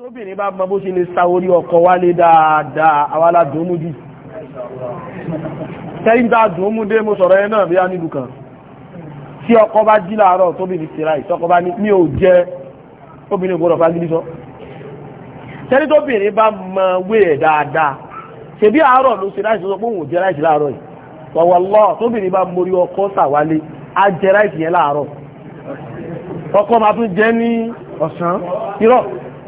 tóbìnrin bá mọ bó ṣe lè sa orí ọkọ wálé dáadáa awálá dùnmú jù tẹ́yìn tá dùnmú dé mo sọ̀rọ̀ ẹ náà bí a nílùú kan tí ọkọ bá jí láàárọ̀ tóbìnrin ti ra ìtọ́kọ bá ní mi ò jẹ obìnrin ògbọ́dọ̀ fagídí sọ tẹ́rí tóbìnrin bá mọ wé ẹ̀ dáadáa ṣèbí àárọ̀ ló ṣe láìsí sọ pé òun ò jẹ láìsí láàárọ̀ yìí wàwọ̀lọ́ tóbìnrin tún jẹ ní ọ̀sán irọ́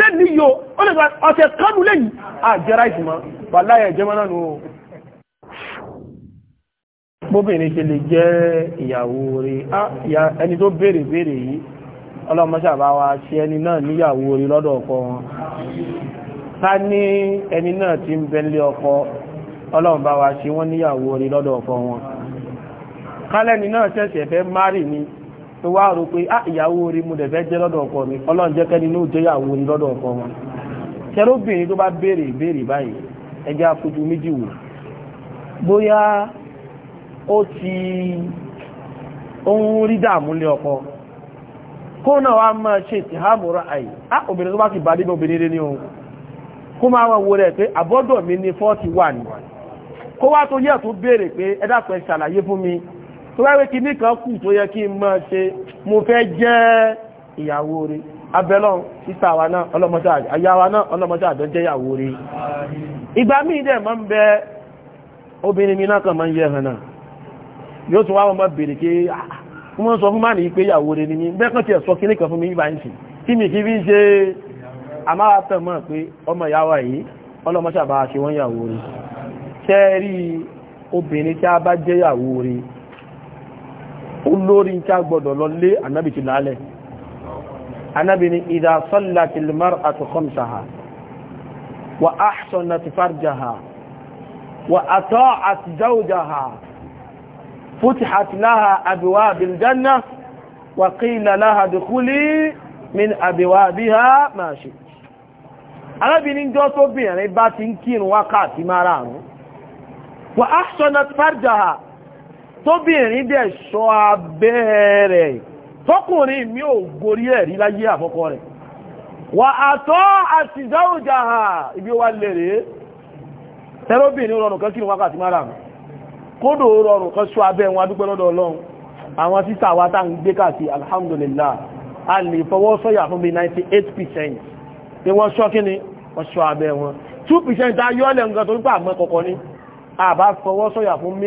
lẹ́ni yóò ó lè gba ọ̀sẹ̀ kánú lẹ́yìn àjẹ́ra ìsìnmọ́ wàláyà ìjẹ́mọ́ náà nù ó bóbìnrin ṣe lè jẹ́ ìyàwó rí ẹni tó béèrè béèrè yìí ọlọ́mọṣàbá wa ṣe ẹni náà níyàwó rí lọ́dọ̀ ọkọ wọn ká ní ẹni náà ti ń bẹ́ńlé ọkọ ọlọ́mọba wa ṣe wọ́n níyàwó rí lọ́dọ̀ ọkọ wọn kálẹ́ni náà ṣẹ̀ṣẹ̀ fẹ́ márì ni tó wá rò pé á ah, ìyàwó orí mo ọkọ mi ọlọ́run jẹ́ ní òjò orí lọ́dọ̀ ọkọ wọn ṣẹlóbìnrin tó bá béèrè ìbéèrè báyìí ẹjẹ́ afojú méjì wò bóyá ó ti ohun rí dààmú lé ọkọ kó náà wá máa ṣe ìtìhámùrá àyè ah, á obìnrin tó bá ti bàdé obìnrin rẹ ní ohun kó máa wo rẹ̀ pé mi ni 41 kó wá tó yẹ̀ tó béèrè pé ẹ tó wá wé kan kù tó yẹ kí n ṣe mo fẹ́ jẹ́ ìyàwó rẹ̀ abẹ́lọ́n sísà wa náà ọlọ́mọdé àyà náà ọlọ́mọdé àjọ jẹ́ ìyàwó rẹ̀ ìgbà míì dẹ̀ máa ń bẹ obìnrin mi náà ń yẹ yóò tún wá ah, ah, sọ fún máà ní pé ìyàwó rẹ̀ ni mi bẹ́ẹ̀ a bá olórin tí a gbọ́dọ̀ lọ lé anábì ti lálẹ̀ anábì ni ìdá sallatil mar'atu khamsaha wa ahsanat farjaha wa ata'at zawjaha فتحت لها أبواب الجنة وقيل لها دخلي من أبوابها ما شئت arábìnrin jọ tó bìnrin bá ti ń kírun tóbìnrin dẹ̀ sọ abẹ́ rẹ̀ tọkùnrin mi ò gorí ẹ̀rí láyé àfọ́kọ́ rẹ̀ wà àtọ́ àtìzáòjà ha ibi wa lèrè tẹ́rọ́bìnrin rọrùn kan kírun wákàtí mara kódò rọrùn kan sọ abẹ́ wọn adúpẹ́ lọ́dọ̀ ọlọ́run àwọn sísà wa tá ń gbé káàkiri alhamdulillah a lè fọwọ́ sọ́yà fún bí 98% ni wọ́n sọ kí ni wọ́n sọ abẹ́ wọn 2% ayọ́lẹ̀ nǹkan tó ń pà mọ́ kọ̀kọ́ ní àbá fọwọ́ sọ́yà fún mí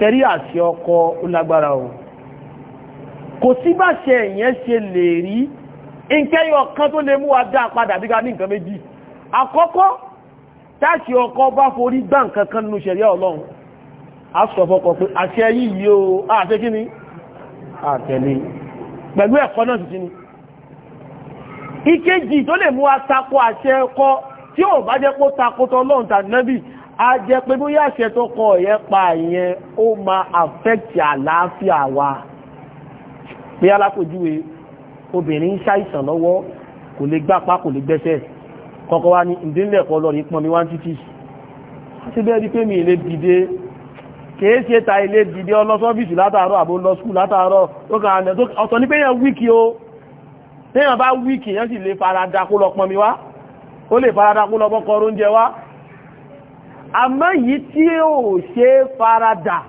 tẹ́rí àṣẹ ọkọ ó lágbára o kò sí bá ṣe èèyàn ṣe lè rí nkẹ́yọ̀ kan tó lè mú wa dá padà bí ká ní nǹkan méjì àkọ́kọ́ táṣì ọkọ bá forí gbá nǹkan kan nínú ṣẹ̀ríà ọlọ́run a sọ fọ́kọ pé àṣẹ yìí o àṣẹ kí ni àtẹ̀lé pẹ̀lú ẹ̀kọ́ náà tuntun ni ìkejì tó lè mú wa takò àṣẹ ẹ̀kọ́ tí ò bá jẹ́ kó takò tọ́lọ́run tàbí a jẹ́ pé bóyá àṣẹ tó kọ ọ̀yẹ́ pa ìyẹn ó máa affect àlàáfíà wa pé alákòjúwe obìnrin ń ṣàìsàn lọ́wọ́ kò lè gbápá kò lè gbẹ́sẹ̀ kọ́kọ́ wá ní ìdínlẹ̀kọ́ lọ́rin pọn mi wá ń títí àti bẹ́ẹ̀ di pé mi ilé dìde kìí ṣe ta ilé dìde ọlọ́sọ́bìsì látàárọ̀ àbó lọ skúl látàárọ̀ ọ̀tọ̀ ní pé yẹn wíkì o téèyàn bá wíkì yẹn sì lè farada kó lọ pọn mi wá ó lè farada kó lọ bọ́kọ oúnjẹ wá àmọ́ yìí tí ó ṣe farada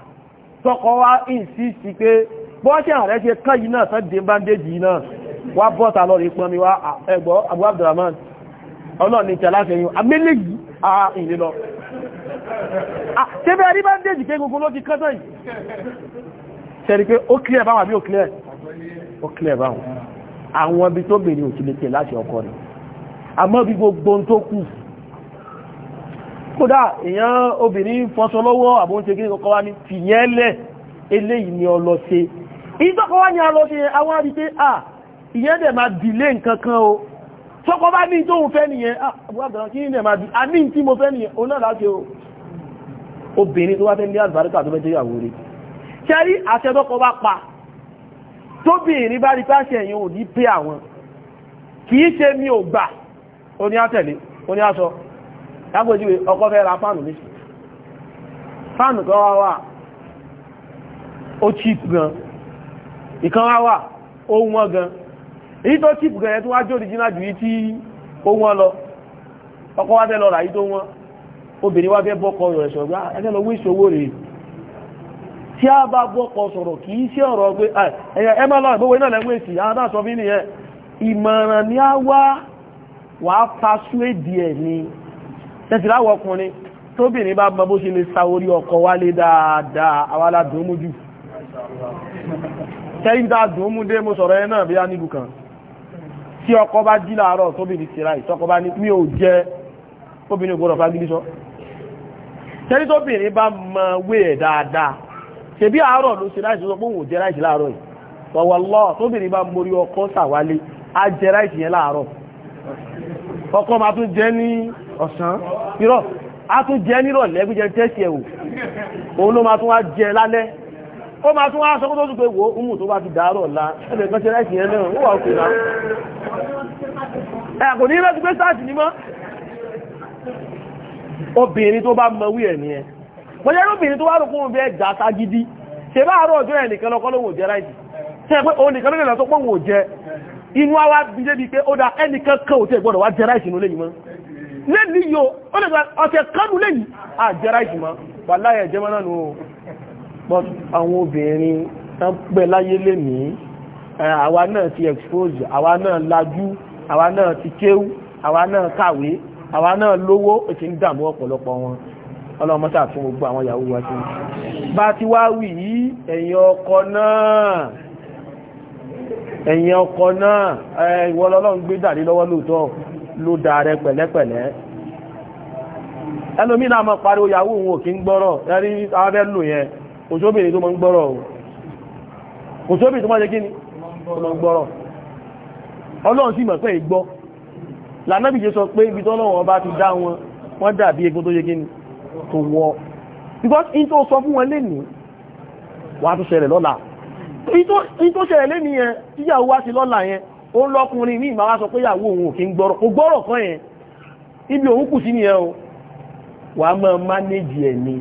tọ́kọ wá ìsìsì pé bọ́ṣẹ́ rẹ̀ ṣe kán yìí náà tán dé bandage náà wá bọ́ta lọ rí pọn mi wá ẹgbọ́ Abu Abdurrahman ọlọ́run ní tẹ̀láṣẹ́yìn yìí a ìlé lọ ṣébẹ̀ rí bandage pé gbogbo ló ti kán tán yìí ṣẹ́rí pé ó clear báwọn àbí ó clear ó clear báwọn àwọn ibi tó bèèrè òtúlé tẹ̀ láti ọkọ rẹ̀ àmọ́ bí kódà èèyàn obìnrin fọṣọ lọ́wọ́ àbóúnṣe kí kọ́kọ́ wá ní fìyẹn lẹ̀ eléyìí ni ọlọ ṣe ìtọ́kọ́ wá ní ọlọ ṣe àwọn àrí pé à ah, ìyẹn dẹ̀ máa dìlé nǹkan kan o tọ́kọ́ bá ní tóun fẹ́ nìyẹn àbúgbàgbà ah, kí ní ẹ̀mà bí a ní tí mo fẹ́ nìyẹn o náà láti o obìnrin tó wá fẹ́ ní àlùbáríkà tó mẹ́jẹ́ ìyàwó lápòjúwe ọkọ fẹ́ ra fáànù méjì fáànù kan wá wà ó cheap gan ìkan wá wà ó wọ́n gan èyí tó cheap gan ẹ̀ tó wá jó original jù yí tí ó wọ́n lọ ọkọ wá fẹ́ lọ rà yí tó wọ́n obìnrin wá fẹ́ bọ́kọ rẹ̀ ṣọ̀gbá ah, ọ̀rọ̀ pé ah, ẹ̀yà persuade ẹ̀ ni tẹ̀síláwọ̀ ọkùnrin tóbìnrin bá mọ bó ṣe lè sa orí ọkọ wálé dáadáa awálá dùnmú jù tẹ́yí dá dé mo sọ̀rọ̀ ẹ náà bí á nílùú kan tí ọkọ bá jí láàárọ̀ tóbìnrin ti ra ìtọ́kọ bá ní mi ò jẹ́ tóbìnrin ògbọ́dọ̀ fagídí sọ tẹ́yí tóbìnrin bá mọ wé ẹ̀ dáadáa ṣèbí àárọ̀ ló ṣe láìsí sọ pé òun ò jẹ́ láìsí láàárọ̀ yìí tọ̀wọ̀ lọ tóbìnrin bá morí ọkọ sàwálé á jẹ́ láìsí yẹn láàárọ̀ ọkọ máa tún jẹ́ ní ọ̀sán irọ́ a tún jẹ nírọ̀lẹ́ gbíjẹ tẹ́sì ẹ̀wò òun ló ma tún wá jẹ lálẹ́ ó ma tún wá sọ tó tún pé wo umu tó bá ti dàárọ̀ la ẹ̀bẹ̀ kan ṣe láìsí ẹ̀ náà ó wà òkè náà ẹ̀ kò ní rẹ́ ti pé sáàtì ní mọ́ obìnrin tó bá mọ wí ẹ̀ nìyẹn wọ́n jẹ́ obìnrin tó wá rò fún ọbẹ̀ ẹ̀dà sagidi ṣe bá àárọ̀ ọjọ́ ẹ̀nìkan lọ́kọ́ ló wò jẹ́ láìsí ṣe pé òun nìkan lọ́kọ́ tó pọ̀ wò jẹ inú wa bí da ẹnìkan kan ò tẹ́ gbọ́dọ̀ wá jẹ láìsí nulẹ̀ yìí mọ́ lẹ́ni yóò ó lè gba ọ̀tẹ̀ kánú lẹ́yìn àjẹ́ra ìjìmọ̀ wà láyẹ̀ jẹ́ mọ́nà nù but àwọn obìnrin tán pẹ́ láyé lẹ́ni àwa náà ti expose àwa náà lajú àwa náà ti kéwú àwa náà kàwé àwa náà lówó ó ti ń dààmú ọ̀pọ̀lọpọ̀ wọn ọlọ́mọ́sà fún gbogbo àwọn ìyàwó wa tí bá ti wá wì yí ẹ̀yin ọkọ náà ẹ̀yin ọkọ náà ìwọ lọ́lọ́run gbé ló da rẹ pẹ̀lẹ́pẹ̀lẹ́ ẹlòmí náà mọ́ pariwo yàwó òun òkín gbọ́rọ̀ ẹrí abẹ́lù yẹn òṣòbìnrin tó mọ́ ń gbọ́rọ̀ tó kí ni tó ọlọ́run sì mọ̀ pé ìgbọ́ lànàbìjẹ́ sọ pé ibi bá ti dá wọn wọ́n dàbí egun tó tó sọ fún wọn lè wà á lọ́la in tó lé tíyàwó sí lọ́la yẹn ó lọ́kùnrin ní ìmọ̀ wá sọ pé ìyàwó òun ò kí ń gbọ́rọ̀ kò gbọ́rọ̀ kan yẹn ibi òun kù sí nìyẹn o wà á máa mánéjì ẹ̀ ni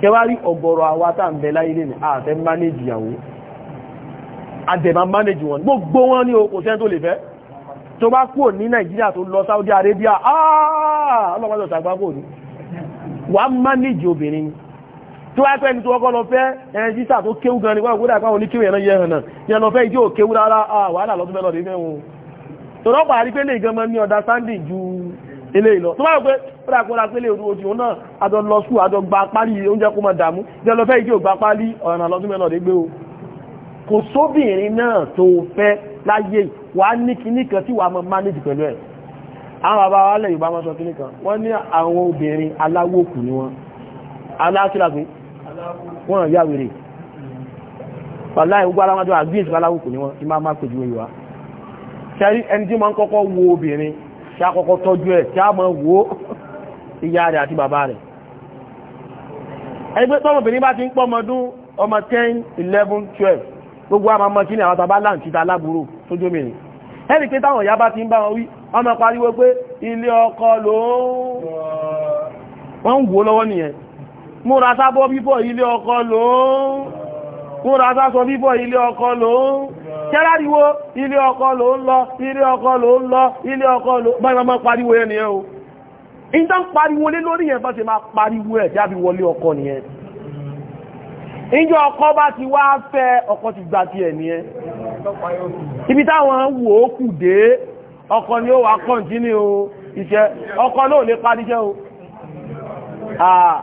kẹwàá rí ọ̀gọ̀rọ̀ àwa tá à ń bẹ láyé lè ní àfẹ́ mánéjì ìyàwó àdẹ̀mà mánéjì wọn gbogbo wọn ní okò sẹ́n tó lè fẹ́ tó bá kúrò ní Nàìjíríà tó lọ Saudi Arabia ah ọlọ́pàá tó wá pẹ́ ní tó ọkọ̀ lọ fẹ́ ẹ̀rẹ́ sísà tó kéwú gan ni wọ́n gbọ́dọ̀ àpá oníkéwú ẹ̀rọ yẹ hàn náà yẹn lọ fẹ́ ìdí ò kéwú rárá wàhálà lọ́dún mẹ́lọ rí fẹ́hùn tọ́rọ pa àrí pélé ìgan ní understanding ju ilé ìlọ tó bá wọ́n pé ó dà kóra pélé òru ojú náà àjọ lọ sùn àjọ gba pálí oúnjẹ kó mọ dààmú yẹn lọ fẹ́ ìdí gba pálí ọ̀ràn lọ́dún mẹ́lọ rí gbé o kò sóbìnrin náà tó fẹ́ láyé wàá ní kinní kan tí wàá mọ manage pẹ̀lú ẹ̀ àwọn bàbá wa lẹ̀ Yorùbá mọ́ sọ kinní kan wọ́n ní àwọn obìnrin aláwòkù ni wọ́n aláṣíláṣí wọ́n yà wèrè pàláì gbogbo ara wọn jọ àgbíyèsí aláwò kò ní wọn ìmá má pèjú ìwà ṣẹ́rí ẹni tí máa ń kọ́kọ́ wo obìnrin ṣe àkọ́kọ́ tọ́jú ẹ̀ tí a máa wo ìyá rẹ̀ àti bàbá rẹ̀ ẹni pé tọ́mọbìnrin bá ti ń pọ́ ọmọdún ọmọ 10 11 12 gbogbo àmà mọ́ kí ni àwọn tàbá láǹtí ta lábúrò tó jómìnrin ẹni múra sábọ́ bíbọ̀ ilé ọkọ lòún múra sásọ bíbọ̀ ilé ọkọ lòún kẹ́láriwo ilé ọkọ ló lọ ilé ọkọ ló lọ ilé ọkọ ló báyìí ma pariwo ẹni ẹ o ìjọ ń pariwo lé lórí yẹn bá ti máa pariwo ẹ jábí wọlé ọkọ nìyẹn ìjọ ọkọ bá ti wá fẹ́ ọkọ ti gbà ti ẹ̀ nìyẹn ibi táwọn wò ó kù dé ọkọ ni ó wà kọ́ntínú iṣẹ́ ọkọ ló lè parí jẹ́ o ah.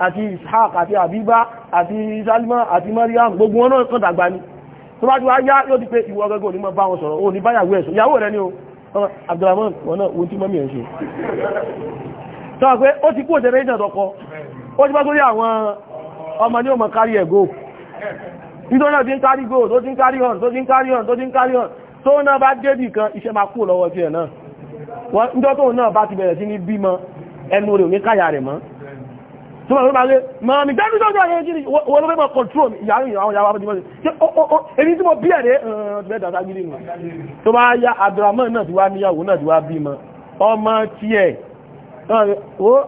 àti ishaq àti àbíbá àti salima àti maria. gbogbo wọn náà kàn dàgbà ni tó bá ti wá yá yóò ti pé ìwọ gẹ́gẹ́ òní mọ́ bá wọn sọ̀rọ̀ òní báyàwó ẹ̀sùn ìyàwó rẹ̀ ni o abdulrahman wọn náà wọ́n tí mọ́mí ẹ̀ ṣe tọ́ pé ó ti kú òṣèré ìjọ tọkọ ó ti bá sórí àwọn ọmọ ní ọmọ kárí ẹ̀gó nítorí náà ti ń kárí gold ó ti ń kárí hàn tó ti ń kárí hàn tó ti ń kárí hàn tó náà bá débì kan iṣẹ́ máa kú lọ́wọ́ tiẹ̀ náà nítorí náà bá ti bẹ̀rẹ̀ sí ní bímọ ẹnu rẹ̀ ò ní káyà rẹ̀ mọ́ tó bá lọ́pàá lé máa mi dájú sọ́jọ́ ayé kiri wọ́n ló fẹ́ máa ma, mi ìyàrin ìyàwó ìyàwó abẹ́dìmọ́ sí ṣe ó èyí tí mo bí ẹ̀rẹ́ ẹ̀rẹ́ dàda gidi nù tó bá ya Abdulrahman náà ti wá níyàwó náà ti wá bímọ ọmọ tiẹ̀ ó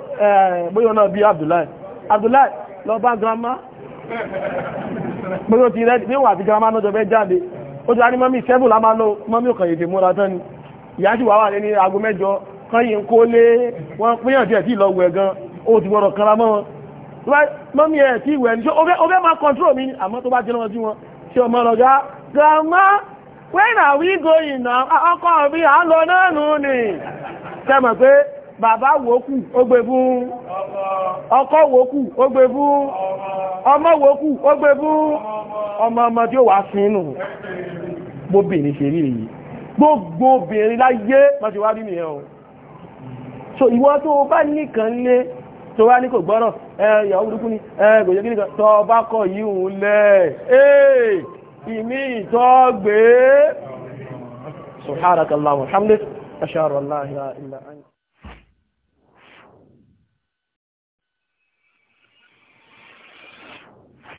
bóyá náà bí Abdullahi Abdullahi lọ bá grandma bóyá ti rẹ́ níwà àti grandma náà jọ fẹ́ jáde ó ti wá ní mọ́mí sẹ́fù lá máa lọ mọ́mí òkàn ètè múra tán ni ìyá sì wá wà ní aago mẹ́jọ kan yìí ń kó lé wọ́n pínyàn tiẹ̀ sí ìlọ́wọ́ ẹ̀ gan-an ó ti gbọ́dọ̀ kanra mọ́ wọn mọ́mí ẹ̀ tí ìwẹ̀ ní ṣe ó fẹ́ máa control mi àmọ́ tó bá jẹ́ lọ́wọ́ sí wọn ṣe ọmọ ọlọ́gá grandma when are we going now ah, ọkọ mi à ń lọ náà nù ni tẹ́mọ̀ pé bàbá wòókù ó gbé fún ọkọ wòókù ó gbé fún ọmọ wòókù ó gbé fún ọmọ ọmọ tí ó wà sínú gbóbìnrin ṣe rí èyí gbogbo obìnrin láyé mọ́ ti wá rí nìyẹn o so tó wá ní kò gbọ́rọ̀ ẹ̀yàwó burúkú ni ẹ̀gòjẹ́ kí ni kan tọ́ bá kọ̀ yí òun lẹ̀ ẹ̀ ìmí ìtọ́gbé subhanakallahumma hamdik ashhadu an la ilaha illa anta